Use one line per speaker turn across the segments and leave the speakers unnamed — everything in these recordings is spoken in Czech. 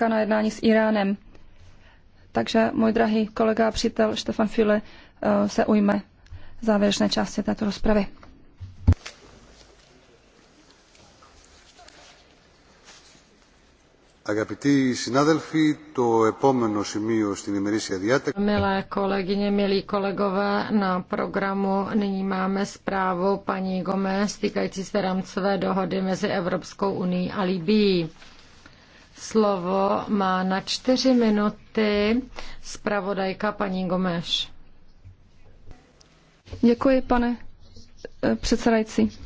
na jednání s Iránem. Takže můj drahý kolega a přítel Štefan File eh, se ujme závěrečné části této rozpravy.
Milé
kolegyně, milí kolegové, na programu nyní máme zprávu paní Gomez týkající se rámcové dohody mezi Evropskou unií a Libií. Slovo má na čtyři minuty zpravodajka paní Gomeš.
Děkuji, pane eh, předsedající.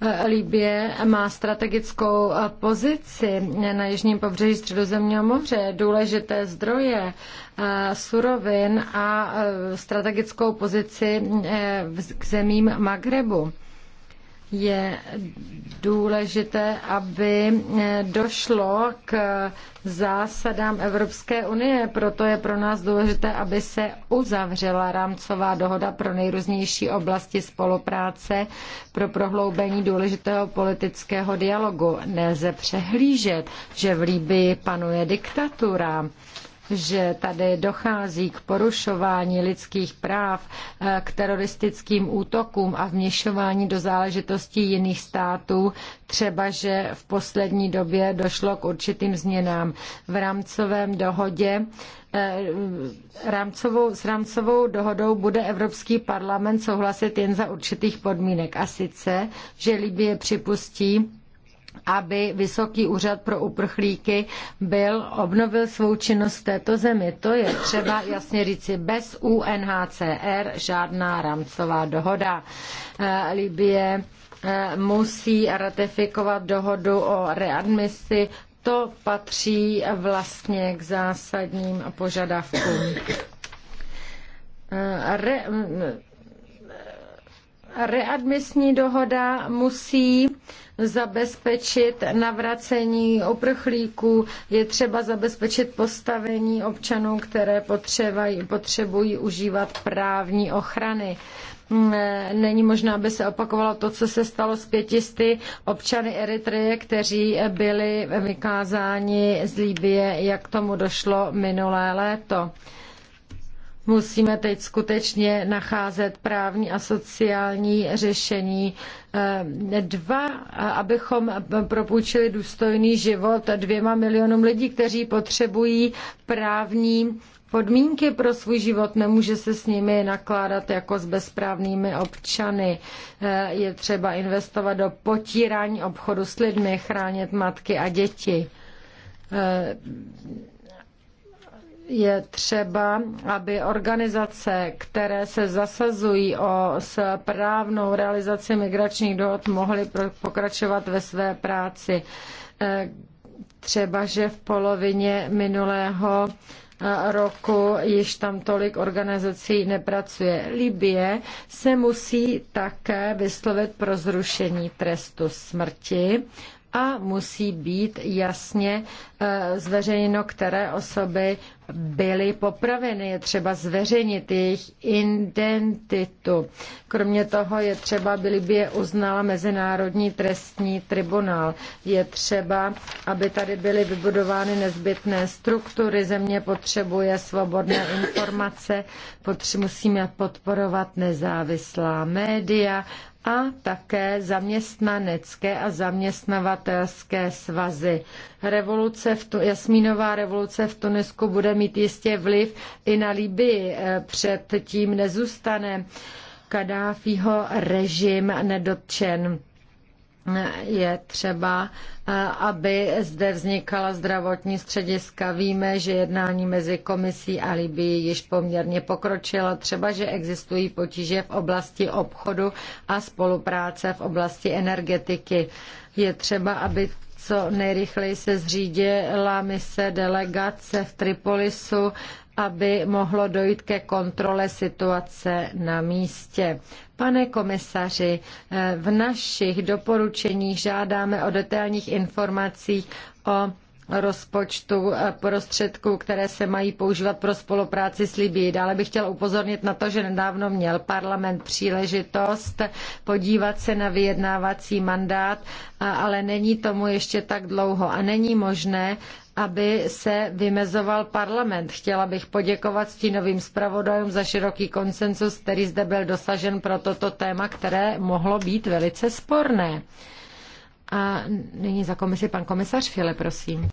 Eh, Libie má strategickou eh, pozici na jižním pobřeží Středozemního moře, důležité zdroje surovin a strategickou pozici k zemím Magrebu je důležité, aby eh, došlo k zásadám Evropské unie. Proto je pro nás důležité, aby se uzavřela rámcová dohoda pro nejrůznější oblasti spolupráce pro prohloubení důležitého politického dialogu. Nelze přehlížet, že v Líbii panuje diktatura že tady dochází k porušování lidských práv, eh, k teroristickým útokům a vměšování do záležitostí jiných států, třeba že v poslední době došlo k určitým změnám v rámcovém dohodě eh, rámcovou, s rámcovou dohodou bude Evropský parlament souhlasit jen za určitých podmínek. A sice, že Libie připustí aby Vysoký úřad pro uprchlíky byl, obnovil svou činnost v této zemi. To je třeba jasně říci, bez UNHCR žádná rámcová dohoda. Eh, Libie eh, musí ratifikovat dohodu o readmisi. To patří vlastně k zásadním požadavkům. Eh, re, Readmisní dohoda musí zabezpečit navracení uprchlíků, je třeba zabezpečit postavení občanů, které potřebují užívat právní ochrany mm, není možné, aby se opakovalo to, co se stalo s pětisty občany Eritreje, kteří byli vykázáni z Líbie, jak tomu došlo minulé léto. Musíme teď skutečně nacházet právní a sociální řešení. Eh, dva, abychom propůjčili důstojný život dvěma milionům lidí, kteří potřebují právní podmínky pro svůj život, nemůže se s nimi nakládat jako s bezprávnými občany. Eh, je třeba investovat do potírání obchodu s lidmi, chránit matky a děti eh, je třeba, aby organizace, které se zasazují o správnou realizaci migračních dohod, mohly pokračovat ve své práci. Eh, třeba, že v polovině minulého eh, roku již tam tolik organizací nepracuje. Libie se musí také vyslovit pro zrušení trestu smrti a musí být jasně eh, zveřejněno, které osoby byly popraveny. Je třeba zveřejnit jejich identitu. Kromě toho je třeba, aby Libie uznala Mezinárodní trestní tribunál. Je třeba, aby tady byly vybudovány nezbytné struktury. Země potřebuje svobodné informace. Potře- musíme podporovat nezávislá média a také zaměstnanecké a zaměstnavatelské svazy. Revoluce v tu, jasmínová revoluce v Tunisku bude mít jistě vliv i na Libii. Eh, předtím nezůstane Kadáfího režim nedotčen je třeba, eh, aby zde vznikala zdravotní střediska. Víme, že jednání mezi komisí a Libií již poměrně pokročila. Třeba, že existují potíže v oblasti obchodu a spolupráce v oblasti energetiky. Je třeba, aby co nejrychleji se zřídila mise delegace v Tripolisu aby mohlo dojít ke kontrole situace na místě. Pane komisaři, v našich doporučeních žádáme o detailních informacích o rozpočtu prostředků, které se mají používat pro spolupráci s Libií. Dále bych chtěla upozornit na to, že nedávno měl parlament příležitost podívat se na vyjednávací mandát, ale není tomu ještě tak dlouho a není možné, aby se vymezoval parlament. Chtěla bych poděkovat stínovým zpravodajům za široký konsensus, který zde byl dosažen pro toto téma, které mohlo být velice sporné. A nyní za komisi pan komisař File, prosím.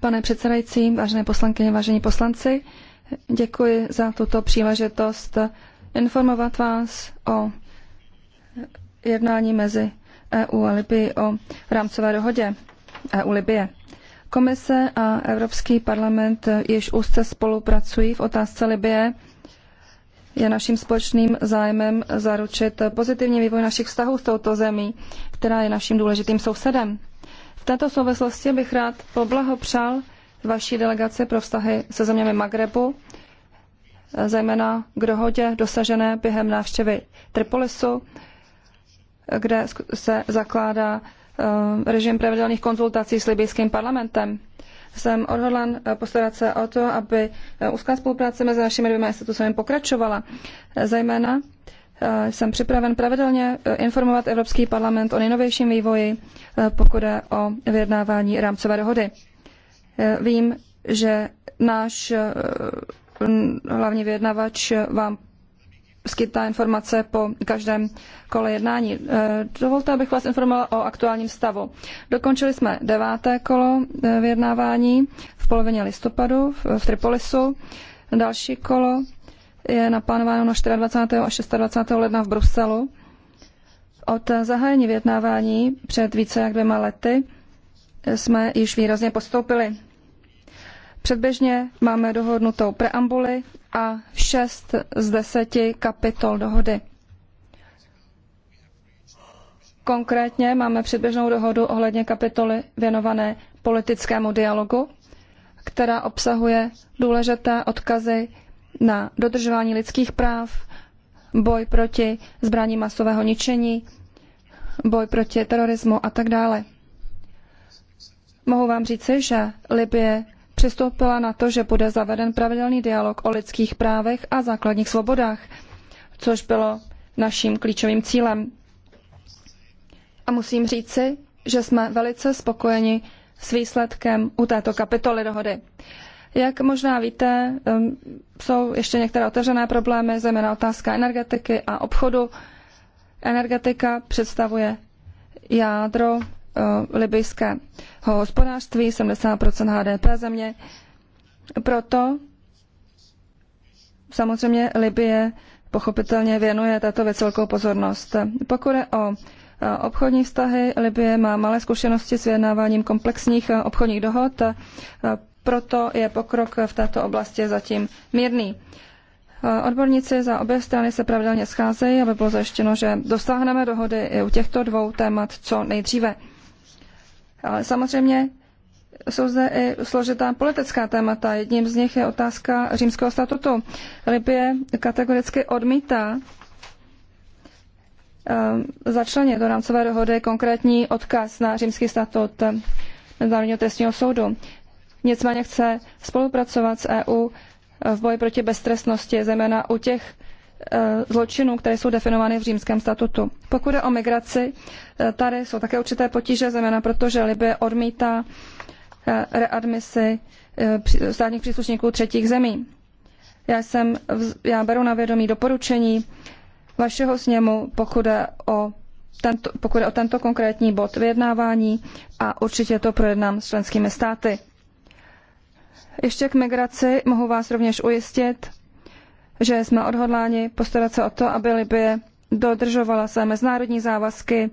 Pane předsedající, vážené poslankyně, vážení poslanci, děkuji za tuto příležitost informovat vás o jednání mezi EU a Libii o rámcové dohodě EU Libie. Komise a Evropský parlament již úzce spolupracují v otázce Libie. Je naším společným zájmem zaručit pozitivní vývoj našich vztahů s touto zemí, která je naším důležitým sousedem. V této souvislosti bych rád poblahopřál vaší delegaci pro vztahy se zeměmi Magrebu, zejména k dohodě dosažené během návštěvy Tripolisu, kde se zakládá eh, režim pravidelných konzultací s libijským parlamentem. Jsem odhodlan eh, postarat se o to, aby eh, úzká spolupráce mezi našimi dvěma institucemi pokračovala. Zejména jsem připraven pravidelně informovat Evropský parlament o nejnovějším vývoji, pokud je o vyjednávání rámcové dohody. Vím, že náš hlavní vyjednavač vám skytá informace po každém kole jednání. Eh, dovolte, abych vás informovala o aktuálním stavu. Dokončili jsme deváté kolo eh, vyjednávání v polovině listopadu v Tripolisu. Další kolo je naplánováno na 24. a 26. ledna v Bruselu. Od zahájení vyjednávání před více jak dvěma lety eh, jsme již výrazně postoupili. Předběžně máme dohodnutou preambuli a šest z deseti kapitol dohody. Konkrétně máme předběžnou dohodu ohledně kapitoly věnované politickému dialogu, která obsahuje důležité odkazy na dodržování lidských práv, boj proti zbraní masového ničení, boj proti terorismu a tak dále. Mohu vám říci, že Libye přistoupila na to, že bude zaveden pravidelný dialog o lidských právech a základních svobodách, což bylo naším klíčovým cílem. A musím říci, že jsme velice spokojeni s výsledkem u této kapitoly dohody. Jak možná víte, um, jsou ještě některé otevřené problémy, zejména otázka energetiky a obchodu. Energetika představuje jádro Eh, libijského hospodářství, 70 HDP země. Proto samozřejmě Libie pochopitelně věnuje této věc velkou pozornost. Pokud je o eh, obchodní vztahy, Libie má malé zkušenosti s vyjednáváním komplexních eh, obchodních dohod, proto je pokrok v této oblasti zatím mírný. Odborníci za obě strany se pravidelně scházejí, aby bylo zajištěno, že dosáhneme dohody i u těchto dvou témat co nejdříve. Ale samozřejmě jsou zde i složitá politická témata. Jedním z nich je otázka římského statutu. Libie kategoricky odmítá eh, začlenit do rámcové dohody konkrétní odkaz na římský statut Mezinárodního trestního soudu. Nicméně chce spolupracovat s EU v boji proti beztrestnosti, zejména u těch Eh, zločinů, které jsou definovány v římském statutu. Pokud je o migraci, eh, tady jsou také určité potíže, zejména protože Libye odmítá eh, readmisi státních příslušníků třetích zemí. Já, jsem, já beru na vědomí doporučení vašeho sněmu, pokud je o tento, pokud je o tento konkrétní bod vyjednávání a určitě to projednám s členskými státy. Ještě k migraci mohu vás rovněž ujistit, že jsme odhodláni postarat se o to, aby Libie dodržovala své mezinárodní závazky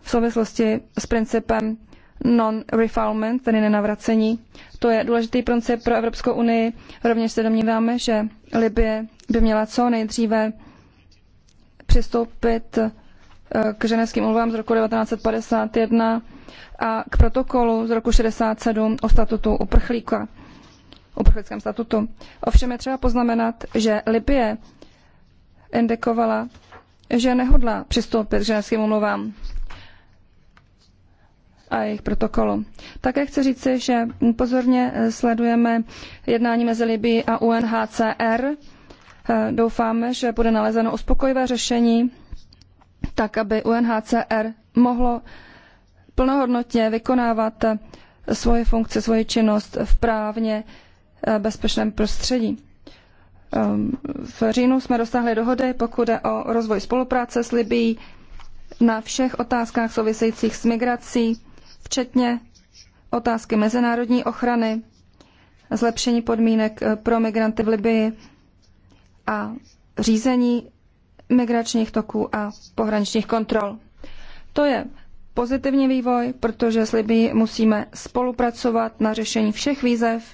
v souvislosti s principem non-refoulement, tedy nenavracení. To je důležitý princip pro Evropskou unii. Rovněž se domníváme, že Libie by měla co nejdříve přistoupit eh, k ženevským umluvám z roku 1951 a k protokolu z roku 67 o statutu uprchlíka uprchlickém statutu. Ovšem je třeba poznamenat, že Libie indikovala, že nehodlá přistoupit k ženským umluvám a jejich protokolu. Také chci říci, že pozorně sledujeme jednání mezi Libií a UNHCR. Doufáme, že bude nalezeno uspokojivé řešení, tak aby UNHCR mohlo plnohodnotně vykonávat svoji funkci, svoji činnost v právně Eh, bezpečném prostředí. Ehm, v říjnu jsme dosáhli dohody, pokud je o rozvoj spolupráce s Libií na všech otázkách souvisejících s migrací, včetně otázky mezinárodní ochrany, zlepšení podmínek eh, pro migranty v Libii a řízení migračních toků a pohraničních kontrol. To je pozitivní vývoj, protože s Libií musíme spolupracovat na řešení všech výzev,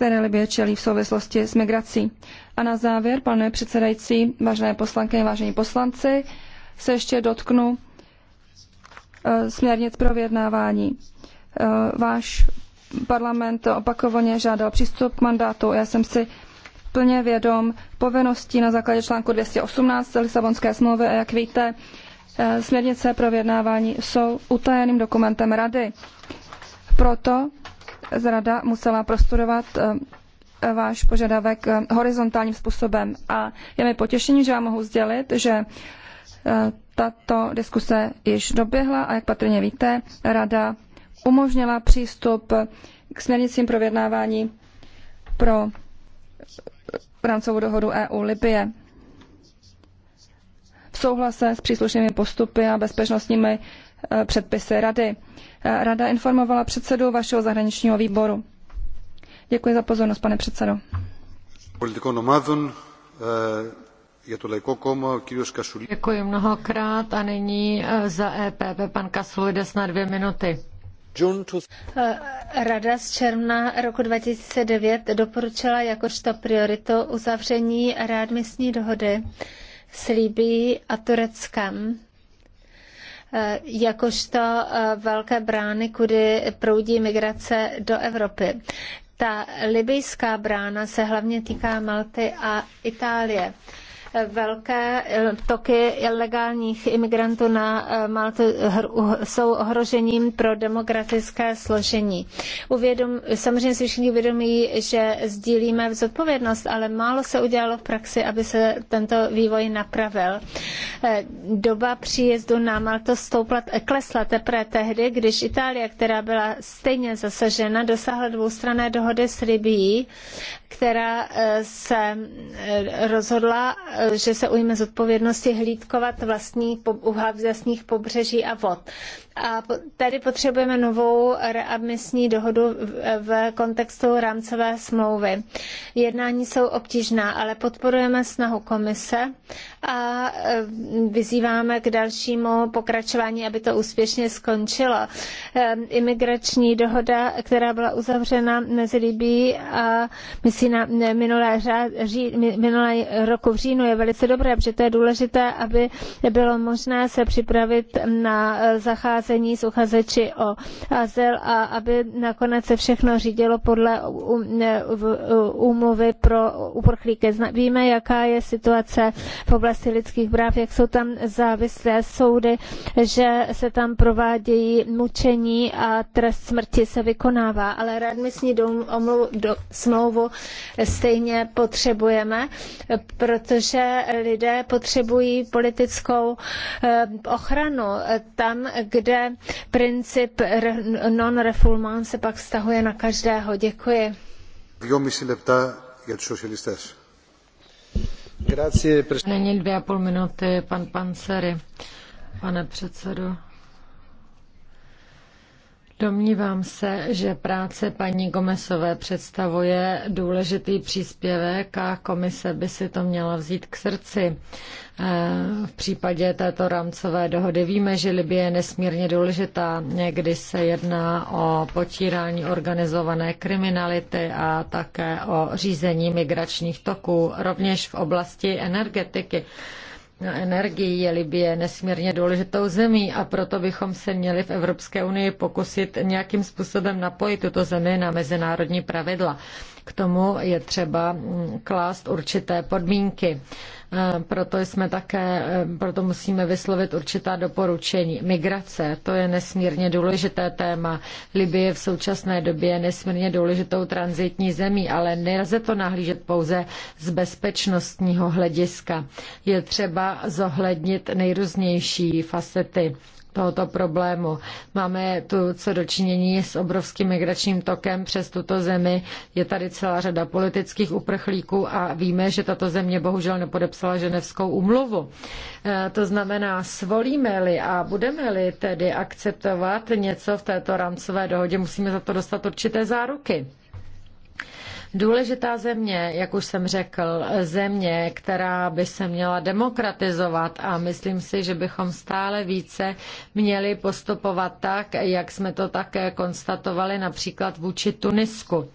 které Libie čelí v souvislosti s migrací. A na závěr, pane předsedající, vážené poslankyně, vážení poslanci, se ještě dotknu eh, směrnic pro vyjednávání. Eh, váš parlament opakovaně žádal přístup k mandátu. Já jsem si plně vědom povinností na základě článku 218 Lisabonské smlouvy a jak víte, eh, směrnice pro vyjednávání jsou utajeným dokumentem Rady. Proto zrada musela prostudovat eh, váš požadavek eh, horizontálním způsobem. A je mi potěšení, že vám mohu sdělit, že eh, tato diskuse již doběhla a jak patrně víte, rada umožnila přístup k směrnicím pro vyjednávání pro rámcovou dohodu EU Libye. V souhlase s příslušnými postupy a bezpečnostními Eh, předpisy rady. Eh, Rada informovala předsedu vašeho zahraničního výboru. Děkuji za pozornost, pane předsedo. Eh, Děkuji mnohokrát
a nyní za EPP pan Kasulides na dvě minuty.
Rada z června roku 2009 doporučila jakožto prioritu uzavření readmisní dohody s Líbí a Tureckem Eh, jakožto eh, velké brány, kudy proudí migrace do Evropy. Ta libyjská brána se hlavně týká Malty a Itálie velké eh, toky ilegálních imigrantů na eh, Maltu uh, jsou ohrožením pro demokratické složení. Uvědom, samozřejmě si všichni uvědomí, že sdílíme zodpovědnost, ale málo se udělalo v praxi, aby se tento vývoj napravil. Eh, doba příjezdu na Malto stoupla, klesla teprve tehdy, když Itálie, která byla stejně zasažena, dosáhla dvoustranné dohody s Libií, která se rozhodla že se ujme zodpovědnosti hlídkovat vlastní vlastních pobřeží a vod. A tady potřebujeme novou readmisní dohodu v kontextu rámcové smlouvy. Jednání jsou obtížná, ale podporujeme snahu komise a eh, vyzýváme k dalšímu pokračování, aby to úspěšně skončilo. Eh, imigrační dohoda, která byla uzavřena mezi Libí a myslím minulé, minulé roku v říjnu, je velice dobré, protože to je důležité, aby bylo možné se připravit na eh, zacházení s uchazeči o azyl a aby nakonec se všechno řídilo podle úmluvy pro uprchlíky. Víme, jaká je situace v oblasti lidských práv, jak jsou tam závislé soudy, že se tam provádějí mučení a trest smrti se vykonává, ale readmisní do, smlouvu stejně potřebujeme, protože že lidé potřebují politickou eh, ochranu tam, kde princip non-refoulement
se pak vztahuje na každého. Děkuji. Nyní dvě a půl minuty, pan Panseri. Pane předsedo, Domnívám se, že práce paní Gomesové představuje důležitý příspěvek a komise by si to měla vzít k srdci. Eh, v případě této rámcové dohody víme, že Libie je nesmírně důležitá, když se jedná o potírání organizované kriminality a také o řízení migračních toků, rovněž v oblasti energetiky energií je Libie nesmírně důležitou zemí a proto bychom se měli v Evropské unii pokusit nějakým způsobem napojit tuto zemi na mezinárodní pravidla. K tomu je třeba mm, klást určité podmínky. E, proto jsme také, e, proto musíme vyslovit určitá doporučení. Migrace, to je nesmírně důležité téma. Libie je v současné době nesmírně důležitou transitní zemí, ale nelze to nahlížet pouze z bezpečnostního hlediska. Je třeba zohlednit nejrůznější facety tohoto problému. Máme tu co dočinění s obrovským migračním tokem přes tuto zemi. Je tady celá řada politických uprchlíků a víme, že tato země bohužel nepodepsala ženevskou umluvu. E, to znamená, svolíme-li a budeme-li tedy akceptovat něco v této rámcové dohodě, musíme za to dostat určité záruky. Důležitá země, jak už jsem řekl, země, která by se měla demokratizovat a myslím si, že bychom stále více měli postupovat tak, jak jsme to také konstatovali například vůči Tunisku.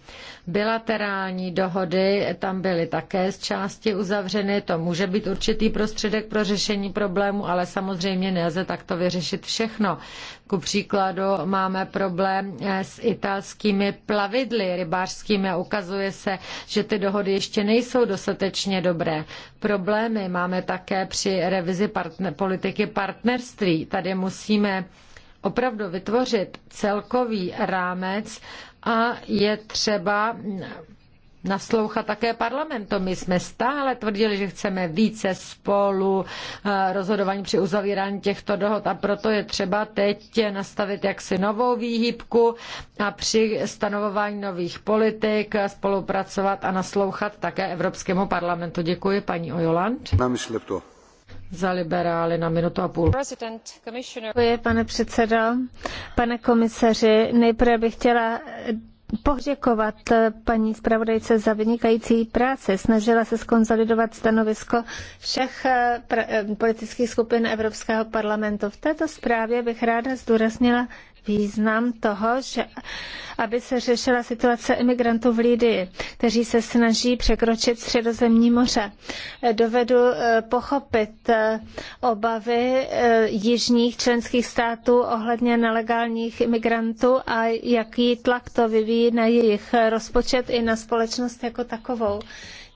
Bilaterální dohody tam byly také z části uzavřeny, to může být určitý prostředek pro řešení problému, ale samozřejmě nelze takto vyřešit všechno. Ku příkladu máme problém eh, s italskými plavidly rybářskými a ukazuje se, že ty dohody ještě nejsou dostatečně dobré. Problémy máme také při revizi partner, politiky partnerství. Tady musíme opravdu vytvořit celkový rámec a je třeba naslouchat také parlamentu. My jsme stále tvrdili, že chceme více spolu eh, rozhodování při uzavírání těchto dohod a proto je třeba teď nastavit jaksi novou výhybku a při stanovování nových politik spolupracovat a naslouchat také Evropskému parlamentu. Děkuji, paní Ojoland. Za liberály na minutu a půl. Děkuji, pane předsedo. Pane komisaři, nejprve bych chtěla
poděkovat eh, paní zpravodajce za vynikající práci. Snažila se skonsolidovat stanovisko všech eh, eh, politických skupin Evropského parlamentu. V této zprávě bych ráda zdůraznila význam toho, že aby se řešila situace imigrantů v Lídii, kteří se snaží překročit středozemní moře. Eh, dovedu eh, pochopit eh, obavy jižních členských států ohledně nelegálních imigrantů a jaký tlak to vyvíjí na jejich rozpočet i na společnost jako takovou.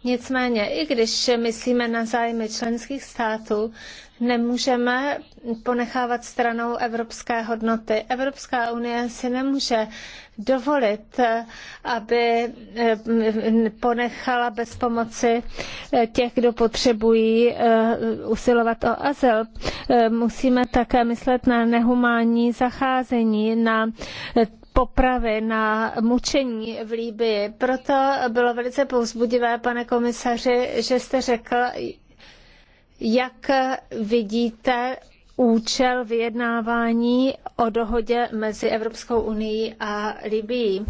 Nicméně, i když myslíme na zájmy členských států, nemůžeme ponechávat stranou evropské hodnoty. Evropská unie si nemůže dovolit, aby eh, ponechala bez pomoci eh, těch, kdo potřebují eh, usilovat o azyl. Musíme také myslet na nehumánní zacházení, na popravy, na mučení v Líbii. Proto bylo velice povzbudivé, pane komisaři, že jste řekl, jak vidíte účel vyjednávání o dohodě mezi Evropskou unií a
Libií.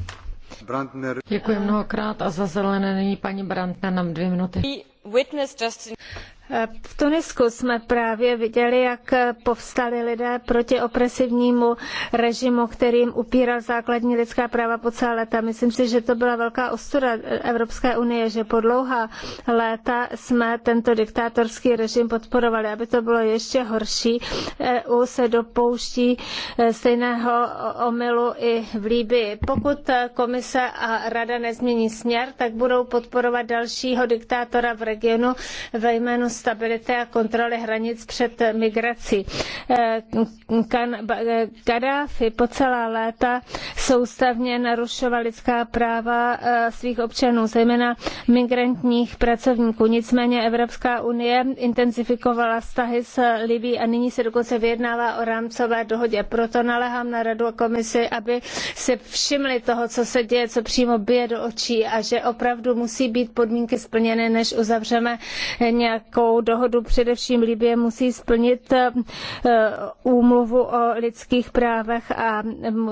Brandner. Děkuji mnohokrát a za zelené nyní paní Brandner nám dvě minuty. V Tunisku jsme právě viděli, jak
povstali lidé proti opresivnímu režimu, kterým upíral základní lidská práva po celá léta. Myslím si, že to byla velká ostuda Evropské unie, že po dlouhá léta jsme tento diktátorský režim podporovali. Aby to bylo ještě horší, EU se dopouští e, stejného omylu i v Líbii. Pokud komise a rada nezmění směr, tak budou podporovat dalšího diktátora v regionu ve jménu stability a kontroly hranic před migrací. Eh, eh, Gaddafi po celá léta soustavně narušoval lidská práva eh, svých občanů, zejména migrantních pracovníků. Nicméně Evropská unie intenzifikovala vztahy s Libí a nyní se dokonce vyjednává o rámcové dohodě. Proto naléhám na radu a komisi, aby se všimli toho, co se děje, co přímo bije do očí a že opravdu musí být podmínky splněny, než uzavřeme nějakou novou dohodu především Libie musí splnit eh, úmluvu o lidských právech a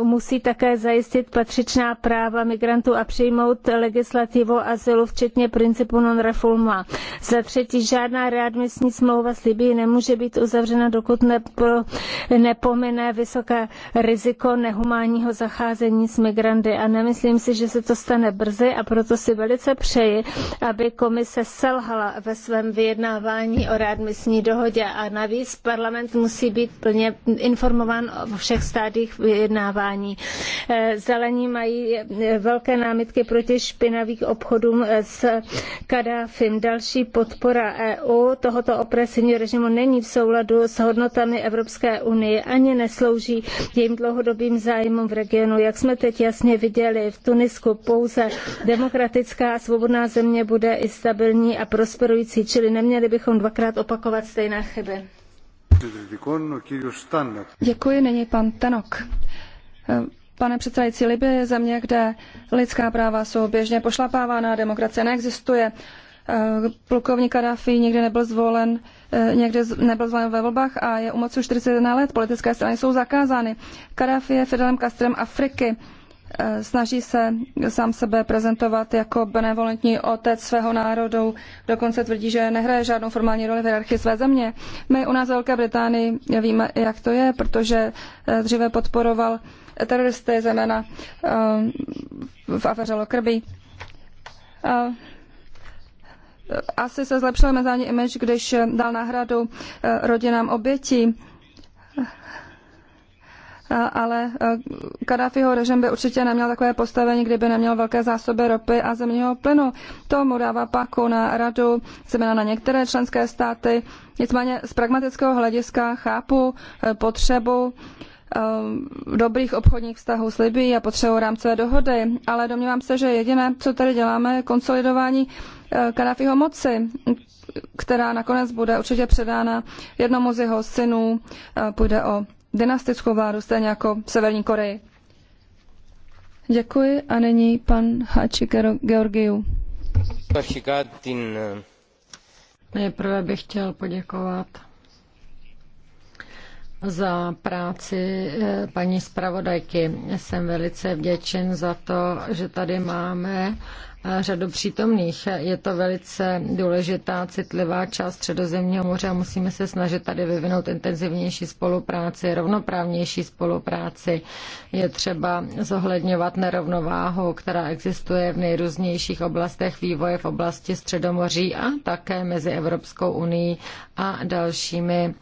musí také zajistit patřičná práva migrantů a přijmout legislativu azylu, včetně principu non refulma. Za třetí, žádná readmisní smlouva s Libií nemůže být uzavřena, dokud nepomine vysoké riziko nehumánního zacházení s migranty. A nemyslím si, že se to stane brzy a proto si velice přeji, aby komise selhala ve svém vyjednávání vyjednávání o readmisní dohodě a navíc parlament musí být plně informován o všech stádích vyjednávání. Eh, zelení mají velké námitky proti špinavých obchodům s Kadáfim. Další podpora EU tohoto opresivního režimu není v souladu s hodnotami Evropské unie ani neslouží jejím dlouhodobým zájmům v regionu. Jak jsme teď jasně viděli, v Tunisku pouze demokratická a svobodná země bude i stabilní a
prosperující, čili neměli Neměli bychom dvakrát opakovat stejné chyby. Děkuji, není pan Tanok. Pane předsedající, Libye země, kde lidská práva jsou běžně pošlapávána, demokracie neexistuje. Plukovník Kadáfi nikdy nebyl zvolen, někde nebyl zvolen ve volbách a je u moci už 41 let. Politické strany jsou zakázány. Kadáfi je Fidelem Castrem Afriky Eh, snaží se sám sebe prezentovat jako benevolentní otec svého národu, dokonce tvrdí, že nehraje žádnou formální roli v hierarchii své země. My u nás v Velké Británii víme, jak to je, protože eh, dříve podporoval teroristy, zejména eh, v afeře Lockerbie. Asi se zlepšil mezinárodní image, když dal náhradu rodinám obětí ale e, Kadáfiho režim by určitě neměl takové postavení, kdyby neměl velké zásoby ropy a zemního plynu. To mu dává paku na radu, zejména na některé členské státy. Nicméně z pragmatického hlediska chápu e, potřebu e, dobrých obchodních vztahů s Libí a potřebu rámcové dohody, ale domnívám se, že jediné, co tady děláme, je konsolidování Kadáfiho moci, která nakonec bude určitě předána jednomu z jeho synů. Půjde o dynastickou vládu, stejně jako v Severní Koreji. Děkuji a nyní pan Hači Georgiou. Nejprve bych chtěl poděkovat
za práci eh, paní zpravodajky. Jsem velice vděčen za to, že tady máme eh, řadu přítomných. Je to velice důležitá, citlivá část Středozemního moře a musíme se snažit tady vyvinout intenzivnější spolupráci, rovnoprávnější spolupráci. Je třeba zohledňovat nerovnováhu, která existuje v nejrůznějších oblastech vývoje v oblasti Středomoří a také mezi Evropskou unii a dalšími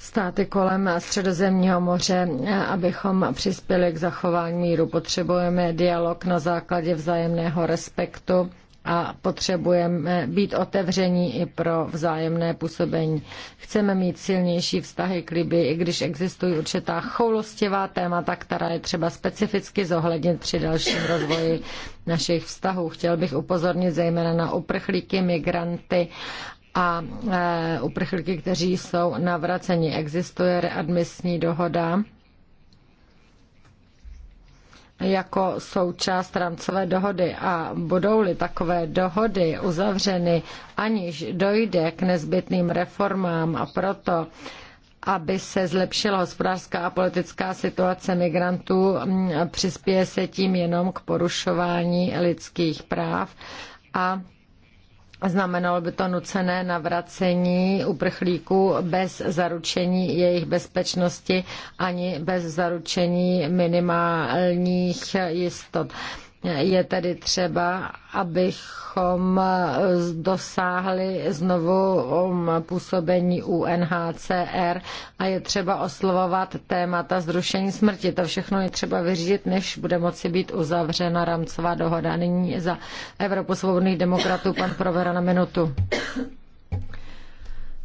státy kolem Středozemního moře, abychom přispěli k zachování míru. Potřebujeme dialog na základě vzájemného respektu a potřebujeme být otevření i pro vzájemné působení. Chceme mít silnější vztahy k Liby, i když existují určitá choulostivá témata, která je třeba specificky zohlednit při dalším rozvoji našich vztahů. Chtěl bych upozornit zejména na uprchlíky, migranty a e, uprchlíky, kteří jsou navraceni. Existuje readmisní dohoda jako součást rámcové dohody a budou-li takové dohody uzavřeny, aniž dojde k nezbytným reformám a proto, aby se zlepšila hospodářská a politická situace migrantů, přispěje se tím jenom k porušování lidských práv a Znamenalo by to nucené navracení uprchlíků bez zaručení jejich bezpečnosti ani bez zaručení minimálních jistot. Je tedy třeba, abychom dosáhli znovu um, působení UNHCR a je třeba oslovovat témata zrušení smrti. To všechno je třeba vyřídit, než bude moci být uzavřena rámcová dohoda. Nyní za Evropu svobodných demokratů pan Provera na minutu.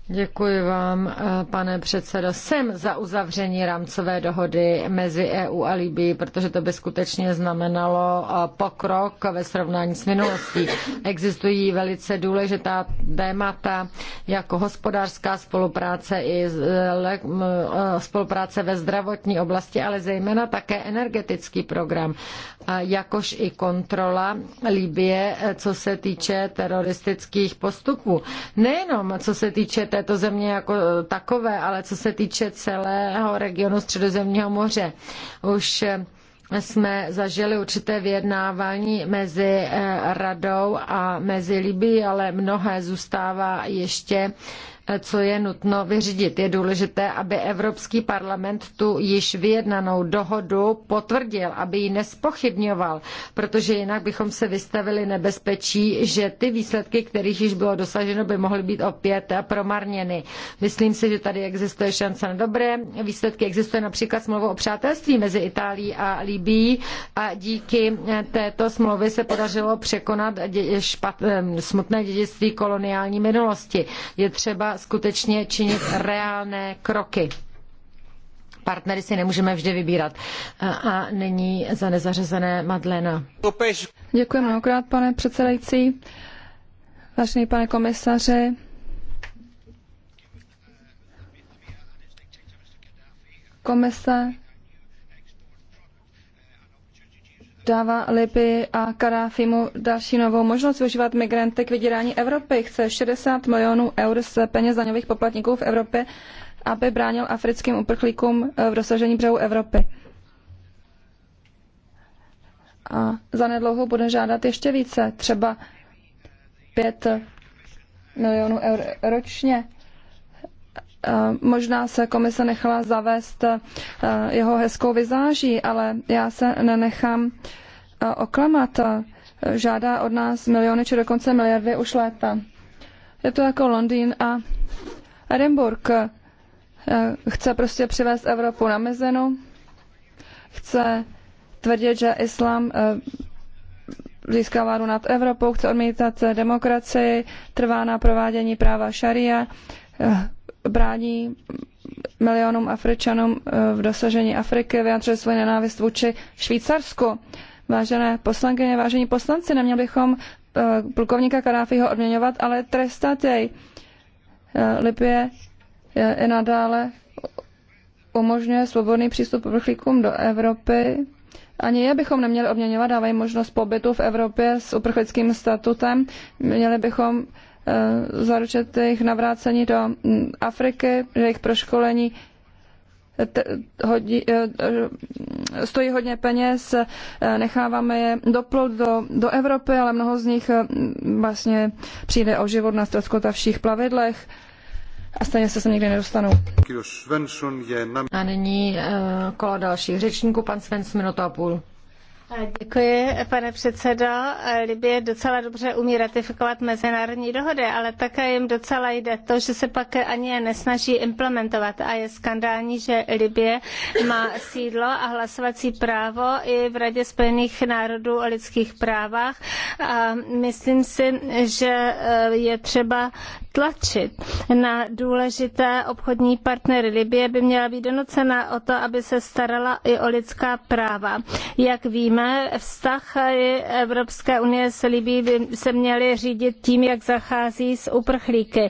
Děkuji vám, eh, pane předsedo. Jsem za uzavření rámcové dohody mezi EU a Libií, protože to by skutečně znamenalo eh, pokrok ve srovnání s minulostí. Existují velice důležitá témata jako hospodářská spolupráce i eh, spolupráce ve zdravotní oblasti, ale zejména také energetický program, jakož i kontrola Libie, co se týče teroristických postupů. Nejenom co se týče této země jako e, takové, ale co se týče celého regionu Středozemního moře. Už e, jsme zažili určité vyjednávání mezi e, radou a mezi Libií, ale mnohé zůstává ještě co je nutno vyřídit. Je důležité, aby Evropský parlament tu již vyjednanou dohodu potvrdil, aby ji nespochybňoval, protože jinak bychom se vystavili nebezpečí, že ty výsledky, kterých již bylo dosaženo, by mohly být opět promarněny. Myslím si, že tady existuje šance na dobré výsledky. Existuje například smlouva o přátelství mezi Itálií a Libií a díky této smlouvě se podařilo překonat špat, eh, smutné dědictví koloniální minulosti. Je třeba skutečně činit reálné kroky. Partnery si nemůžeme vždy vybírat. A, není nyní za nezařazené Madlena.
Děkuji mnohokrát, pane předsedající. Vážený pane komisaři, komise dává Libii a Karáfimu další novou možnost využívat migranty k vydírání Evropy. Chce 60 milionů eur z peněz daňových poplatníků v Evropě, aby bránil africkým uprchlíkům v dosažení břehu Evropy. A nedlouho bude žádat ještě více, třeba 5 milionů eur ročně. Eh, možná se komise nechala zavést eh, jeho hezkou vizáží, ale já se nenechám eh, oklamat. Žádá od nás miliony či dokonce miliardy už léta. Je to jako Londýn a Edinburgh. Chce prostě přivést Evropu na mezenu, chce tvrdit, že islám získá vládu nad Evropou, chce odmítat demokracii, trvá na provádění práva šaria, brání milionům Afričanům eh, v dosažení Afriky, vyjadřuje svoji nenávist vůči Švýcarsku. Vážené poslankyně, vážení poslanci, neměli bychom eh, plukovníka Kadáfiho odměňovat, ale trestat jej. Eh, Libie i nadále umožňuje svobodný přístup uprchlíkům do Evropy. Ani je bychom neměli obměňovat, dávají možnost pobytu v Evropě s uprchlickým statutem. Měli bychom Eh, zaručit jejich navrácení do mm, Afriky, jejich proškolení eh, te, hodí, eh, stojí hodně peněz, necháváme je doplout do, do Evropy, ale mnoho z nich vlastně přijde o život na stroskotavších plavidlech a stejně se sem nikdy nedostanou.
A
nyní kolo dalších řečníků, pan Svens, minuta a půl.
Děkuji, pane předsedo. je docela dobře umí ratifikovat mezinárodní dohody, ale také jim docela jde to, že se pak ani je nesnaží implementovat. A je skandální, že Libye má sídlo a hlasovací právo i v Radě Spojených národů o lidských právách. A myslím si, že eh, je třeba tlačit na důležité obchodní partnery. Libye, by měla být donucena o to, aby se starala i o lidská práva. Jak víme, víme, vztah Evropské unie s Libí by se měly řídit tím, jak zachází s uprchlíky.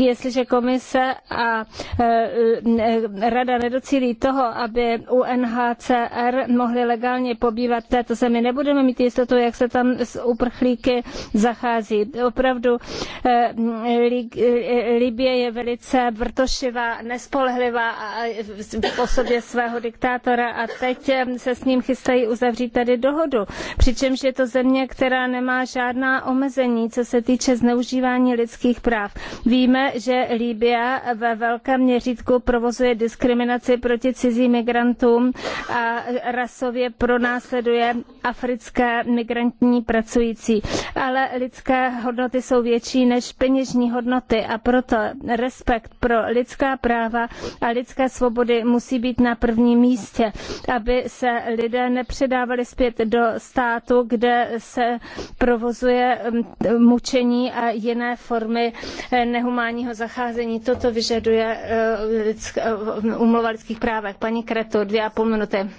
Jestliže komise a e, e, rada nedocílí toho, aby UNHCR mohly legálně pobývat v této zemi, nebudeme mít jistotu, jak se tam s uprchlíky zachází. Opravdu e, Libie je velice vrtošivá, nespolehlivá v osobě svého diktátora a teď se s ním chystají uzavřít tedy dohodu. Přičemž je to země, která nemá žádná omezení, co se týče zneužívání lidských práv. Víme, že Líbia ve velkém měřítku provozuje diskriminaci proti cizím migrantům a rasově pronásleduje africké migrantní pracující. Ale lidské hodnoty jsou větší než peněžní hodnoty a proto respekt pro lidská práva a lidské svobody musí být na prvním místě, aby se lidé nepředávali zpět do státu, kde se provozuje mm, mučení a jiné formy eh, nehumánního zacházení. Toto vyžaduje eh, eh, umluva
lidských právech. Paní Kreto, dvě a půl minuty.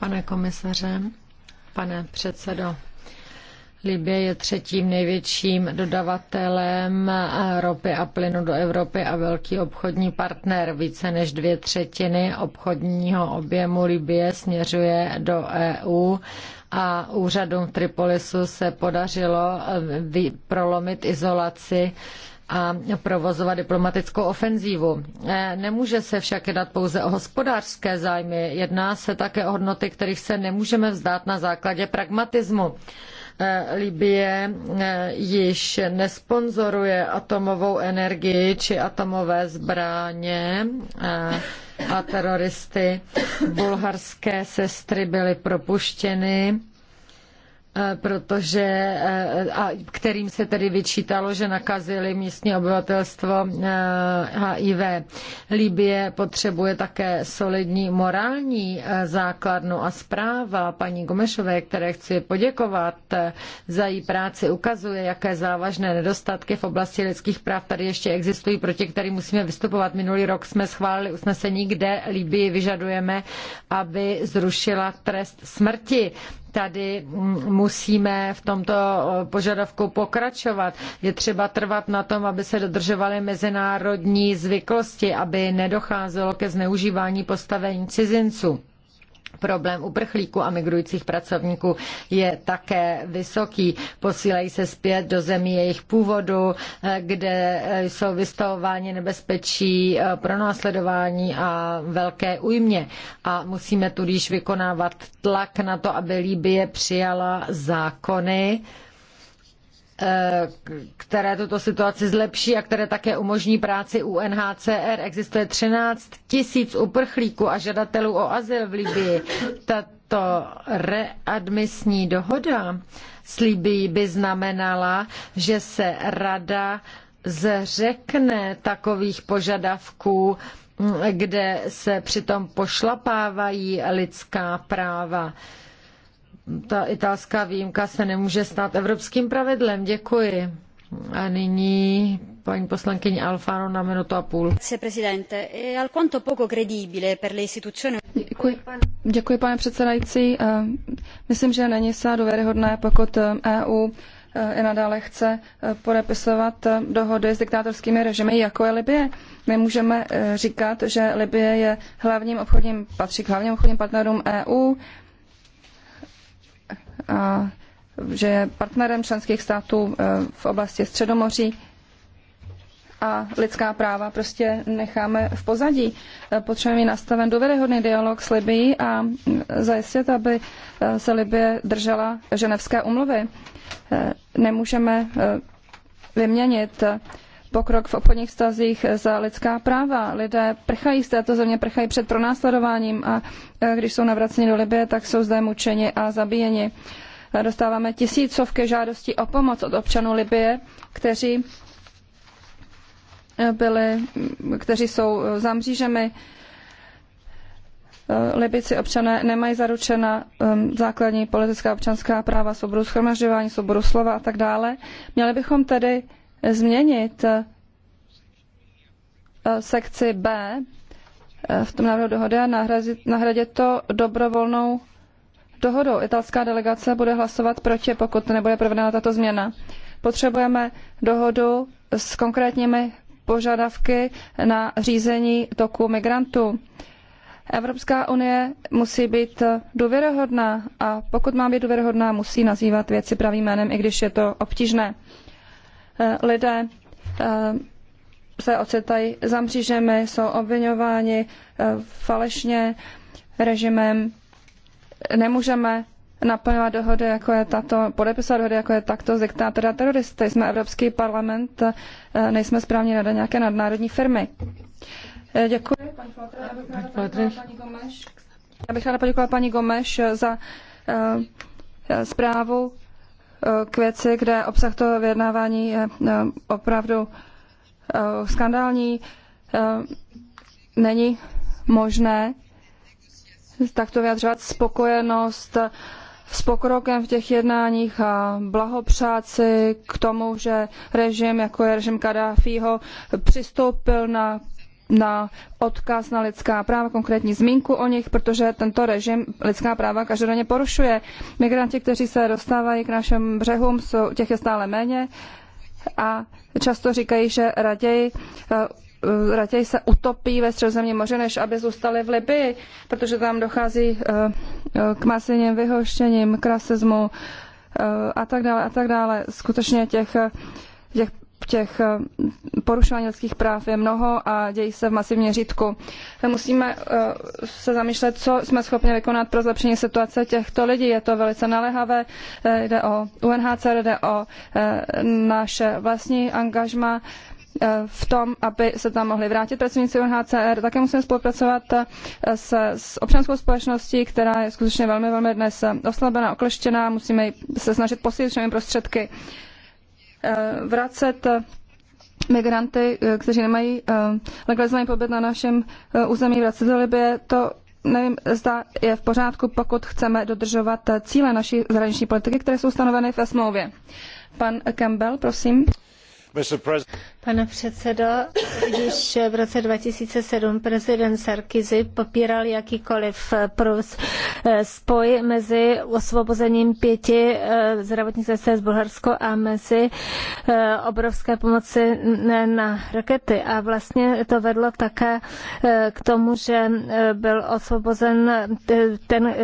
Pane komisaře, pane předsedo, Libie je třetím největším dodavatelem ropy a plynu do Evropy a velký obchodní partner. Více než dvě třetiny obchodního objemu Libie směřuje do EU a úřadům v Tripolisu se podařilo prolomit izolaci a provozovat diplomatickou ofenzívu. E, nemůže se však jednat pouze o hospodářské zájmy, jedná se také o hodnoty, kterých se nemůžeme vzdát na základě pragmatismu. Eh, Libie eh, již nesponzoruje atomovou energii či atomové zbraně eh, a teroristy. Bulharské sestry byly propuštěny Eh, protože, eh, a kterým se tedy vyčítalo, že nakazili místní obyvatelstvo HIV. Eh, Libie potřebuje také solidní morální základnu a zpráva paní Gomešové, které chci poděkovat za její práci, ukazuje, jaké závažné nedostatky v oblasti lidských práv tady ještě existují, proti kterým musíme vystupovat. Minulý rok jsme schválili usnesení, kde Libii vyžadujeme, aby zrušila trest smrti tady mm, musíme v tomto eh, požadavku pokračovat. Je třeba trvat na tom, aby se dodržovaly mezinárodní zvyklosti, aby nedocházelo ke zneužívání postavení cizinců. Problém uprchlíků a migrujících pracovníků je také vysoký. Posílají se zpět do zemí jejich původu, eh, kde eh, jsou vystavováni nebezpečí eh, pro následování a velké újmě. A musíme tudíž vykonávat tlak na to, aby Líbie přijala zákony, Eh, které tuto situaci zlepší a které také umožní práci UNHCR. Existuje 13 tisíc uprchlíků a žadatelů o azyl v Libyi. Tato readmisní dohoda s Libií by znamenala, že se rada zřekne takových požadavků, mm, kde se přitom pošlapávají lidská práva ta italská výjimka se nemůže stát evropským pravidlem. Děkuji. A nyní paní poslankyně Alfano na minutu a půl.
E děkuji, děkuji pane předsedající. Eh, myslím, že není se důvěryhodné, pokud EU eh, e eh, i nadále chce podepisovat dohody s diktátorskými režimy, jako je Libye. My můžeme říkat, že Libye je hlavním obchodním, patří k hlavním obchodním partnerům EU že je partnerem členských států e, v oblasti Středomoří a lidská práva prostě necháme v pozadí. E, potřebujeme nastaven důvěryhodný dialog s Libií a zajistit, aby e, se Libie držela ženevské umluvy. Nemůžeme vyměnit pokrok v obchodních vztazích za lidská práva. Lidé prchají z této země, prchají před pronásledováním a eh, když jsou navraceni do Libie, tak jsou zde mučeni a zabíjeni. Eh, dostáváme tisícovky žádostí o pomoc od občanů Libie, kteří eh, byli, mm, kteří jsou za mřížemi. Libici občané nemají zaručena ehm, základní politická občanská práva, svobodu schromažďování, svobodu slova a tak dále. Měli bychom tedy změnit eh, sekci B v tom návrhu dohody a nahradit, nahradit to dobrovolnou dohodou. Italská delegace bude hlasovat proti, pokud nebude provedena tato změna. Potřebujeme dohodu s konkrétními požadavky na řízení toku migrantů. Evropská unie musí být důvěryhodná a pokud má být důvěryhodná, musí nazývat věci pravým jménem, i když je to obtížné lidé eh, se ocitají za mřížemi, jsou obvinováni eh, falešně režimem. Nemůžeme naplňovat dohody, jako je tato, podepisovat dohody, jako je takto z diktátora teroristy. Jsme Evropský parlament, eh, nejsme správně rada nějaké nadnárodní firmy. Děkuji, paní já bych ráda poděkovala paní Gomeš. Já bych ráda poděkovala paní Gomeš za zprávu k věci, kde obsah toho vyjednávání je eh, opravdu eh, skandální. Eh, není možné takto vyjadřovat spokojenost s pokrokem v těch jednáních a blahopřát si k tomu, že režim, jako je režim Kadáfího, přistoupil na na odkaz na lidská práva, konkrétní zmínku o nich, protože tento režim lidská práva každodenně porušuje. Migranti, kteří se dostávají k našim břehům, jsou, těch je stále méně a často říkají, že raději eh, raději se utopí ve středozemním moři, než aby zůstali v Libii, protože tam dochází eh, eh, k masivním vyhoštěním, k rasismu a tak dále a tak dále. Skutečně těch, těch těch eh, porušování lidských práv je mnoho a dějí se v masivním měřítku. Musíme eh, se zamýšlet, co jsme schopni vykonat pro zlepšení situace těchto lidí. Je to velice naléhavé, eh, jde o UNHCR, jde o naše vlastní angažma v tom, aby se tam mohli vrátit pracovníci UNHCR. Také musíme spolupracovat s, s občanskou společností, která je skutečně velmi, velmi dnes oslabená, okleštěná. Musíme se snažit posílit všemi prostředky. Uh, Eh, vracet eh, migranty, eh, kteří nemají legalizovaný pobyt na našem území, vracet do Libie, to nevím, zda je v pořádku, pokud chceme dodržovat cíle naší zahraniční politiky, které jsou stanoveny ve smlouvě. Pan Campbell, prosím. Pane předsedo, když v roce 2007 prezident
Sarkozy popíral jakýkoliv eh, spoj mezi osvobozením pěti eh, zdravotních sester z Bulharsko a mezi eh, obrovské pomoci na rakety. A vlastně to vedlo také k tomu, že byl osvobozen ten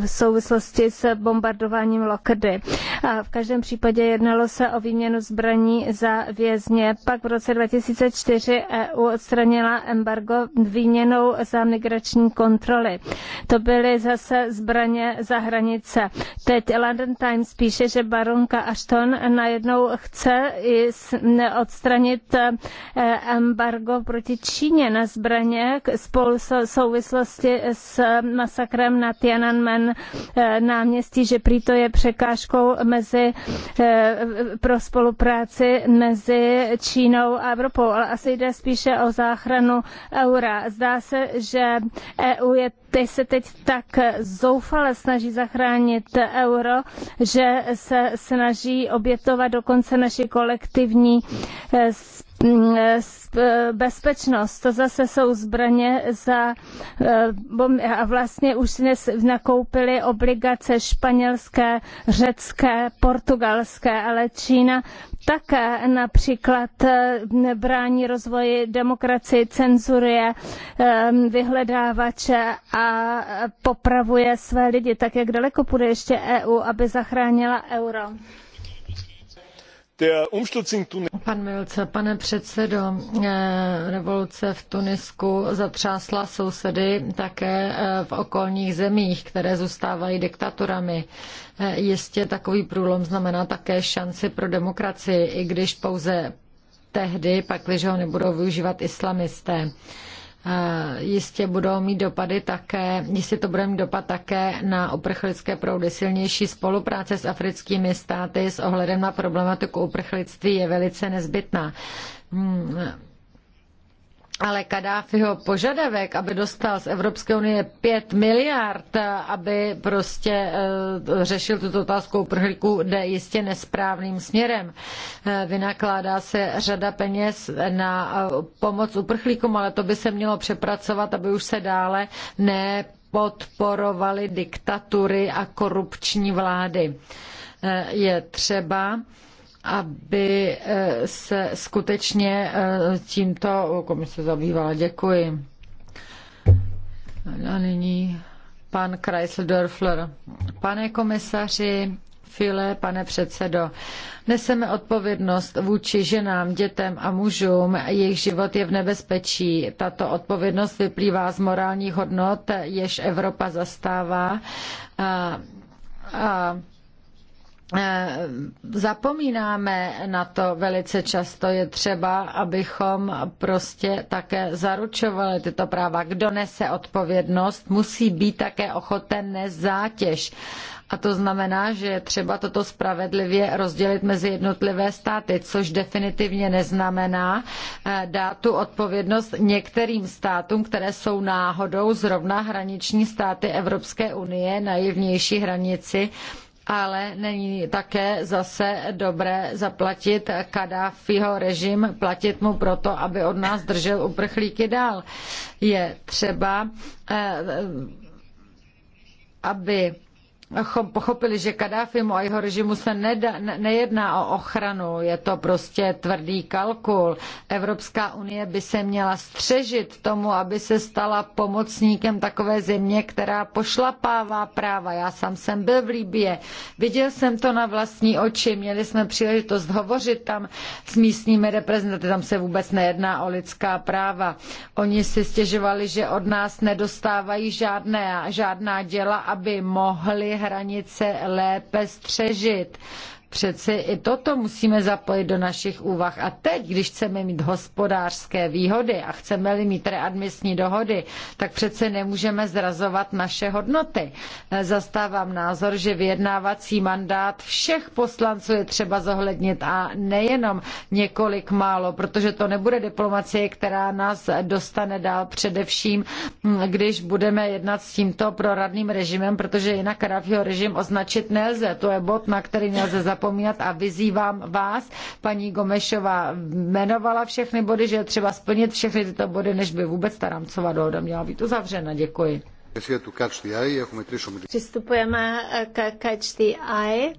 v souvislosti s bombardováním Lockedy. A v každém případě jednalo se o výměnu zbraní za vězně pak v roce 2004 EU odstranila embargo výměnou za migrační kontroly. To byly zase zbraně za hranice. Teď London Times píše, že baronka Ashton najednou chce i odstranit e, embargo proti Číně na zbraně spolu v souvislosti s masakrem na Tiananmen e, náměstí, že prý to je překážkou mezi e, pro spolupráci mezi Čínou a Evropou, ale asi jde spíše o záchranu eura. Zdá se, že EU je ty se teď tak zoufale snaží zachránit euro, že se snaží obětovat dokonce naši kolektivní eh, bezpečnost, to zase jsou zbraně za eh, a vlastně už nakoupili obligace španělské, řecké, portugalské, ale Čína také například eh, brání rozvoji demokracie, cenzuruje eh, vyhledávače a popravuje své lidi. Tak jak daleko půjde ještě EU, aby zachránila euro?
Eh, pane předsedo, eh, revoluce v Tunisku zatřásla sousedy také eh, v okolních zemích, které zůstávají diktaturami. Jistě takový průlom znamená také šanci pro demokracii, i když pouze tehdy, pakliže ho nebudou využívat islamisté. Eh, jistě budou mít dopady také, jistě to bude mít dopad také na uprchlické proudy. Silnější spolupráce s africkými státy s ohledem na problematiku uprchlictví je velice nezbytná. Hmm ale Kadáfiho požadavek, aby dostal z Evropské unie 5 miliard, aby prostě eh, řešil tuto otázku uprchlíků, jde jistě nesprávným směrem. Eh, vynakládá se řada peněz na eh, pomoc uprchlíkům, ale to by se mělo přepracovat, aby už se dále nepodporovaly diktatury a korupční vlády. Je třeba aby eh, se skutečně eh, tímto komise zabývala. Děkuji. A nyní pan Kreisel-Dörfler. Pane komisaři, File, pane předsedo, neseme odpovědnost vůči ženám, dětem a mužům, jejich život je v nebezpečí. Tato odpovědnost vyplývá z morálních hodnot, jež Evropa zastává. A, a Eh, zapomínáme na to velice často. Je třeba, abychom prostě také zaručovali tyto práva. Kdo nese odpovědnost, musí být také ochoten nezátěž. A to znamená, že je třeba toto spravedlivě rozdělit mezi jednotlivé státy, což definitivně neznamená eh, dát tu odpovědnost některým státům, které jsou náhodou zrovna hraniční státy Evropské unie na jevnější hranici ale není také zase dobré zaplatit Kadáfiho režim, platit mu proto, aby od nás držel uprchlíky dál. Je třeba, eh, aby pochopili, že Kadáfimu a jeho režimu se nejedná o ochranu, je to prostě tvrdý kalkul. Evropská unie by se měla střežit tomu, aby se stala pomocníkem takové země, která pošlapává práva. Já sám jsem byl v Libě, viděl jsem to na vlastní oči, měli jsme příležitost hovořit tam s místními reprezentanty, tam se vůbec nejedná o lidská práva. Oni si stěžovali, že od nás nedostávají žádné, žádná děla, aby mohli hranice lépe střežit. Přece i toto musíme zapojit do našich úvah. A teď, když chceme mít hospodářské výhody a chceme-li mít readmisní dohody, tak přece nemůžeme zrazovat naše hodnoty. Zastávám názor, že vyjednávací mandát všech poslanců je třeba zohlednit a nejenom několik málo, protože to nebude diplomacie, která nás dostane dál především, když budeme jednat s tímto proradným režimem, protože jinak Rafiho režim označit nelze. To je bod, na který nelze zapojit zapomínat a vyzývám vás, paní Gomešová jmenovala všechny body, že je třeba splnit všechny tyto body, než by vůbec ta rámcová dohoda měla být uzavřena. Děkuji. Přistupujeme ke
Catch the Eye.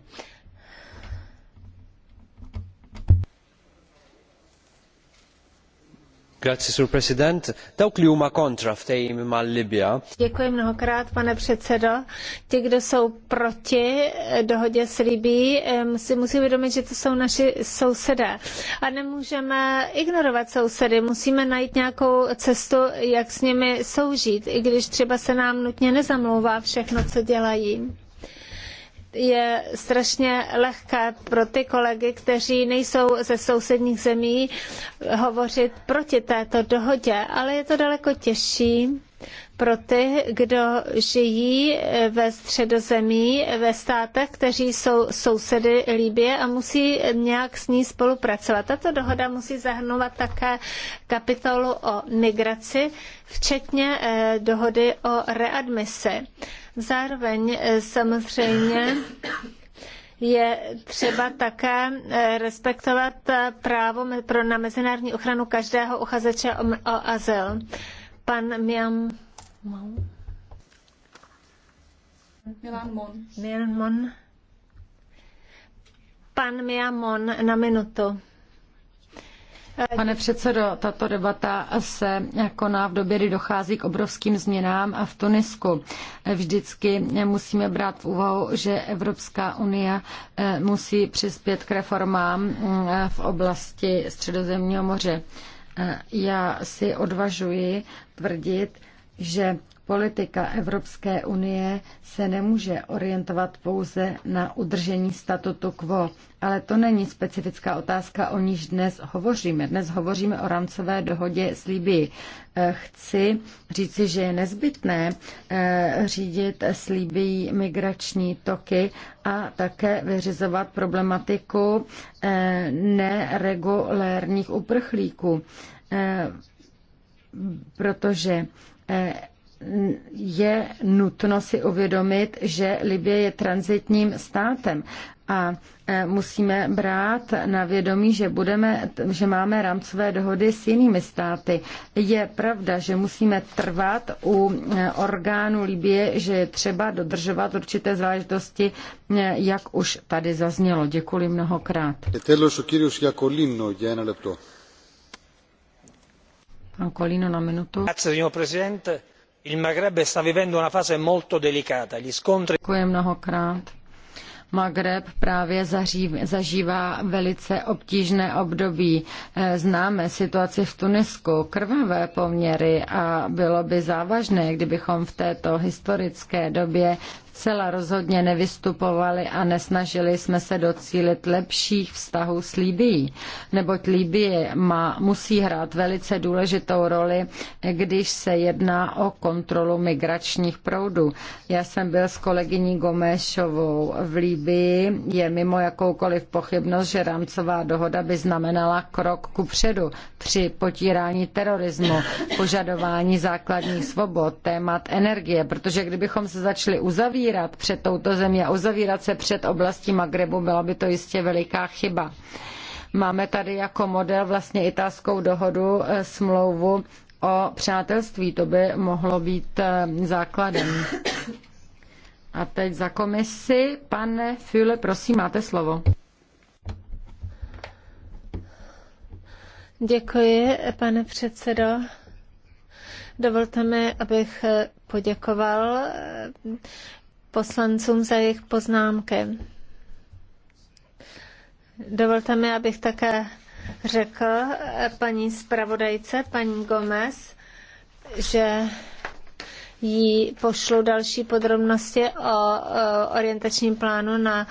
Děkuji mnohokrát, pane předsedající. Ti, kdo jsou proti dohodě s libyí si musí uvědomit, že to jsou naši sousedé. A nemůžeme ignorovat sousedy, musíme najít nějakou cestu, jak s nimi soužít, i když třeba se nám nutně nezamlouvá všechno, co dělají je strašně lehké pro ty kolegy, kteří nejsou ze sousedních zemí, hovořit proti této dohodě, ale je to daleko těžší pro ty, kdo žijí eh, ve středozemí, ve státech, kteří jsou sousedy Líbie a musí nějak s ní spolupracovat. Tato dohoda musí zahrnovat také kapitolu o migraci, včetně eh, dohody o readmisi. Zároveň eh, samozřejmě je třeba také respektovat právo pro na mezinárodní ochranu každého uchazeče o, o azyl. Pan Pan Miamon na minutu.
Pane předsedo, tato debata se koná v době, kdy dochází k obrovským změnám a v Tunisku. Vždycky musíme brát v úvahu, že Evropská unie eh, musí přispět k reformám eh, v oblasti Středozemního moře. Já si odvažuji tvrdit, že politika Evropské unie se nemůže orientovat pouze na udržení statutu quo, ale to není specifická otázka, o níž dnes hovoříme. Dnes hovoříme o rámcové dohodě s Libií. Eh, chci říci, že je nezbytné eh, řídit s Libií migrační toky a také vyřizovat problematiku eh, neregulérních uprchlíků protože eh, je nutno si uvědomit, že Libie je transitním státem a eh, musíme brát na vědomí, že, budeme, že máme rámcové dohody s jinými státy. Je pravda, že musíme trvat u eh, orgánu Libie, že je třeba dodržovat určité záležitosti, jak už tady zaznělo. Děkuji mnohokrát. Děkuji, Pan Kolíno na minutu.
gli scontri.
Magreb právě zažívá velice obtížné období. Eh, známe situaci v Tunisku, krvavé poměry a bylo by závažné, kdybychom v této historické době Zcela rozhodně nevystupovali a nesnažili jsme se docílit lepších vztahů s Líbií, neboť Líbie má, musí hrát velice důležitou roli, když se jedná o kontrolu migračních proudů. Já jsem byl s kolegyní Gomešovou v Líbii. Je mimo jakoukoliv pochybnost, že rámcová dohoda by znamenala krok kupředu při potírání terorismu, požadování základních svobod, témat energie, protože kdybychom se začali uzavírat, uzavírat před touto zemí a uzavírat se před oblastí Magrebu, byla by to jistě veliká chyba. Máme tady jako model vlastně italskou dohodu eh, smlouvu o přátelství. To by mohlo být eh, základem. A teď za komisi, pane Füle, prosím, máte slovo.
Děkuji, pane předsedo. Dovolte mi, abych poděkoval poslancům za jejich poznámky. Dovolte mi, abych také řekl eh, paní zpravodajce, paní Gomez, že jí pošlu další podrobnosti o orientačním plánu na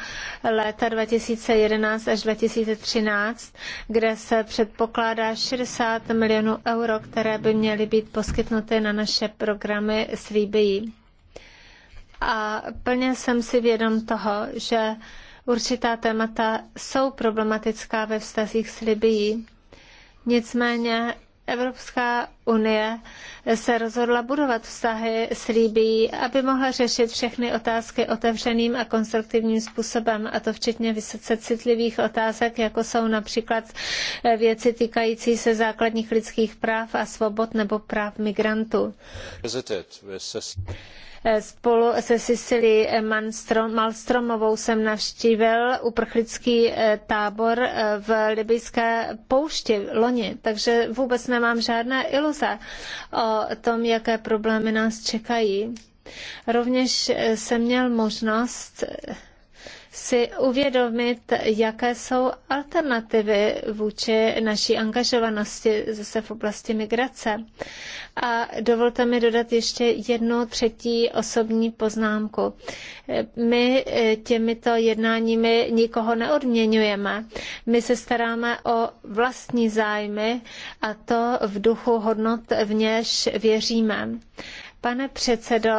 léta 2011 až 2013, kde se předpokládá 60 milionů euro, které by měly být poskytnuty na naše programy s Líbií a plně jsem si vědom toho, že určitá témata jsou problematická ve vztazích s Libií. Nicméně Evropská unie se rozhodla budovat vztahy s Líbí, aby mohla řešit všechny otázky otevřeným a konstruktivním způsobem, a to včetně vysoce citlivých otázek, jako jsou například eh, věci týkající se základních lidských práv a svobod nebo práv migrantů. Eh, spolu se Sicily Malstromovou jsem navštívil uprchlický eh, tábor eh, v libyjské poušti loni, takže vůbec nemám žádné iluze o tom, jaké problémy nás čekají. Rovněž jsem měl možnost si uvědomit, jaké jsou alternativy vůči naší angažovanosti zase v oblasti migrace. A dovolte mi dodat ještě jednu třetí osobní poznámku. My eh, těmito jednáními nikoho neodměňujeme. My se staráme o vlastní zájmy a to v duchu hodnot, v něž věříme. Pane předsedo,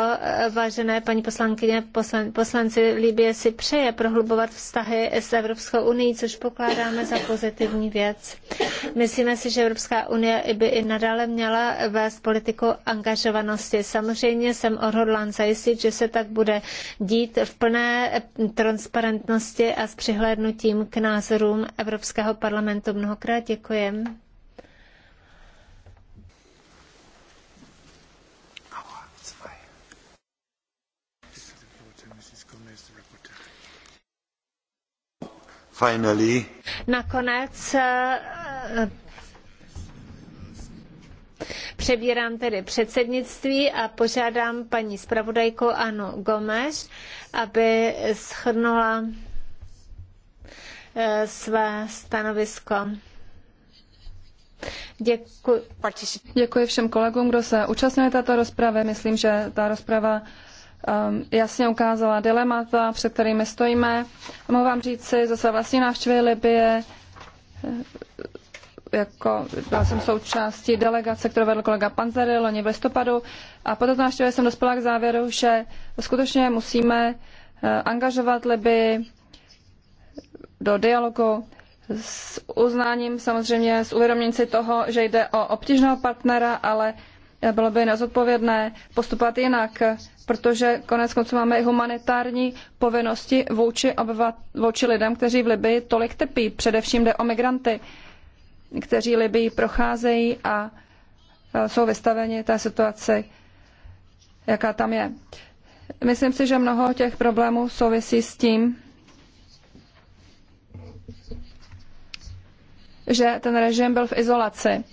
vážené paní poslankyně, poslan, poslanci Libie si přeje prohlubovat vztahy s Evropskou unii, což pokládáme za pozitivní věc. Myslíme si, že Evropská unie by i nadále měla vést politiku angažovanosti. Samozřejmě jsem odhodlán zajistit, že se tak bude dít v plné transparentnosti a s přihlédnutím k názorům Evropského parlamentu. Mnohokrát děkuji. Nakonec eh, Přebírám tedy předsednictví a požádám paní zpravodajku annu Gomes, aby shrnula eh, své stanovisko.
Děkuji. Děkuji všem kolegům, kdo se účastnili této rozpravy. Myslím, že ta rozprava Um, jasně ukázala dilemata, před kterými stojíme. Mohu vám říci ze své vlastní návštěvy Libie, eh, jako byla jsem součástí delegace, kterou vedl kolega Panzery loni v listopadu a po této návštěvě jsem dospěla k závěru, že skutečně musíme eh, angažovat Liby do dialogu s uznáním samozřejmě, s uvědoměním si toho, že jde o obtížného partnera, ale bylo by nezodpovědné postupovat jinak, protože konec konců máme i humanitární povinnosti vůči, obyvat, vůči lidem, kteří v Libii tolik trpí. Především jde o migranty, kteří Libii procházejí a e, jsou vystaveni té situaci, jaká tam je. Myslím si, že mnoho těch problémů souvisí s tím, že ten režim byl v izolaci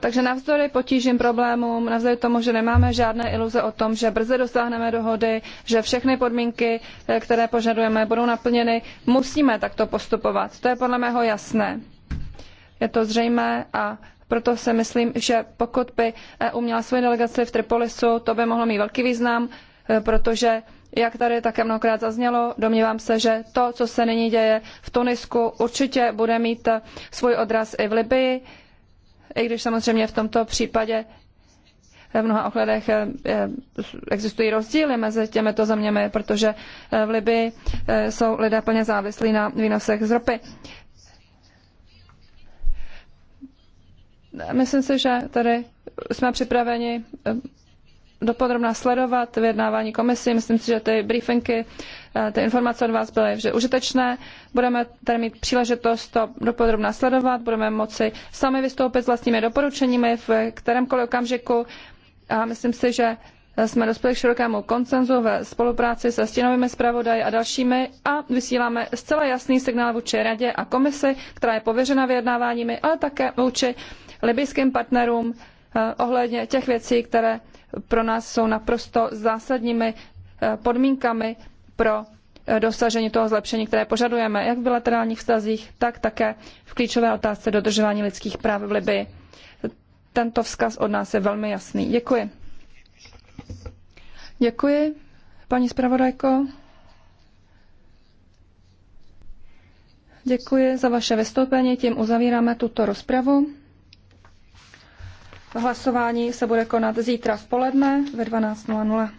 takže navzdory potížím problémům, navzdory tomu, že nemáme žádné iluze o tom, že brzy dosáhneme dohody, že všechny podmínky, e, které požadujeme, budou naplněny, musíme takto postupovat. To je podle mého jasné. Je to zřejmé a proto si myslím, že pokud by EU měla svoji delegaci v Tripolisu, to by mohlo mít velký význam, e, protože jak tady také mnohokrát zaznělo, domnívám se, že to, co se nyní děje v Tunisku, určitě bude mít e, svůj odraz i v Libyi i když samozřejmě v tomto případě v mnoha ohledech eh, existují rozdíly mezi těmito zeměmi, protože eh, v Libii eh, jsou lidé plně závislí na výnosech z ropy. Myslím si, že tady jsme připraveni dopodrobná sledovat vyjednávání komisí. Myslím si, že ty briefingy, eh, ty informace od vás byly vždy užitečné. Budeme tady mít příležitost to dopodrobná sledovat, budeme moci sami vystoupit s vlastními doporučeními v kterémkoliv okamžiku. A myslím si, že jsme dospěli k širokému koncenzu ve spolupráci se stínovými zpravodaji a dalšími a vysíláme zcela jasný signál vůči radě a komisi, která je pověřena vyjednáváními, ale také vůči libijským partnerům eh, ohledně těch věcí, které pro nás jsou naprosto zásadními eh, podmínkami pro eh, dosažení toho zlepšení, které požadujeme, jak v bilaterálních vztazích, tak také v klíčové otázce dodržování lidských práv v Libii. Tento vzkaz od nás je velmi jasný. Děkuji. Děkuji, paní zpravodajko. Děkuji za vaše vystoupení, tím uzavíráme tuto rozpravu. Hlasování se bude konat zítra v poledne ve 12.00.